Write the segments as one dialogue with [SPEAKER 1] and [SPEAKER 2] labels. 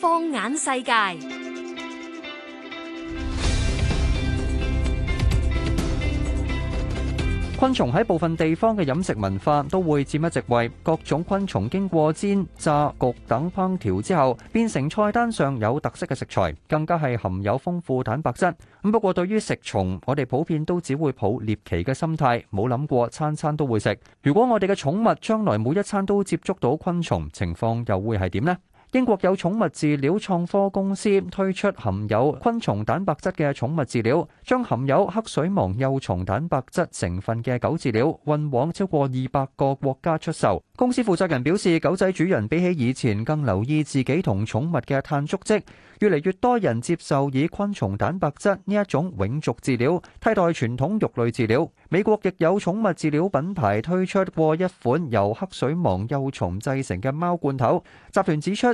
[SPEAKER 1] 放眼世界。昆蟲喺部分地方嘅飲食文化都會佔一席位，各種昆蟲經過煎、炸、焗等烹調之後，變成菜單上有特色嘅食材，更加係含有豐富蛋白質。咁不過對於食蟲，我哋普遍都只會抱獵奇嘅心態，冇諗過餐餐都會食。如果我哋嘅寵物將來每一餐都接觸到昆蟲，情況又會係點呢？英國有寵物飼料創科公司推出含有昆蟲蛋白質嘅寵物飼料，將含有黑水虻幼蟲蛋白質成分嘅狗飼料運往超過二百個國家出售。公司負責人表示，狗仔主人比起以前更留意自己同寵物嘅碳足跡，越嚟越多人接受以昆蟲蛋白質呢一種永續飼料替代傳統肉類飼料。美國亦有寵物飼料品牌推出過一款由黑水虻幼蟲製成嘅貓罐頭。集團指出，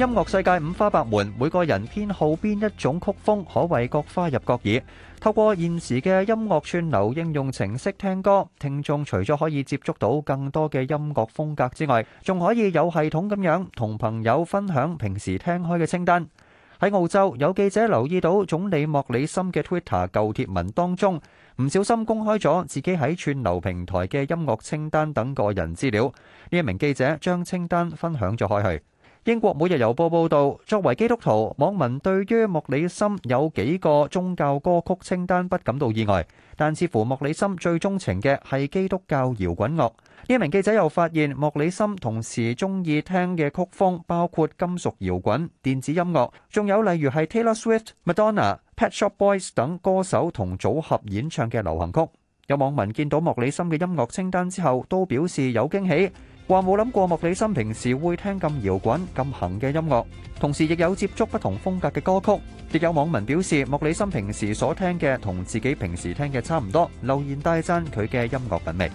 [SPEAKER 1] 音樂世界五花八門，每個人偏好邊一種曲風，可謂各花入各耳。透過現時嘅音樂串流應用程式聽歌，聽眾除咗可以接觸到更多嘅音樂風格之外，仲可以有系統咁樣同朋友分享平時聽開嘅清單。喺澳洲，有記者留意到總理莫里森嘅 Twitter 舊貼文當中，唔小心公開咗自己喺串流平台嘅音樂清單等個人資料。呢一名記者將清單分享咗開去。英國每日郵報報導，作為基督徒，網民對於莫里森有幾個宗教歌曲清單不感到意外，但似乎莫里森最鍾情嘅係基督教搖滾樂。呢名記者又發現，莫里森同時鍾意聽嘅曲風包括金屬搖滾、電子音樂，仲有例如係 Taylor Swift、Madonna、Pet Shop Boys 等歌手同組合演唱嘅流行曲。有網民見到莫里森嘅音樂清單之後，都表示有驚喜。話冇諗過莫里森平時會聽咁搖滾咁行嘅音樂，同時亦有接觸不同風格嘅歌曲。亦有網民表示，莫里森平時所聽嘅同自己平時聽嘅差唔多，留言大讚佢嘅音樂品味。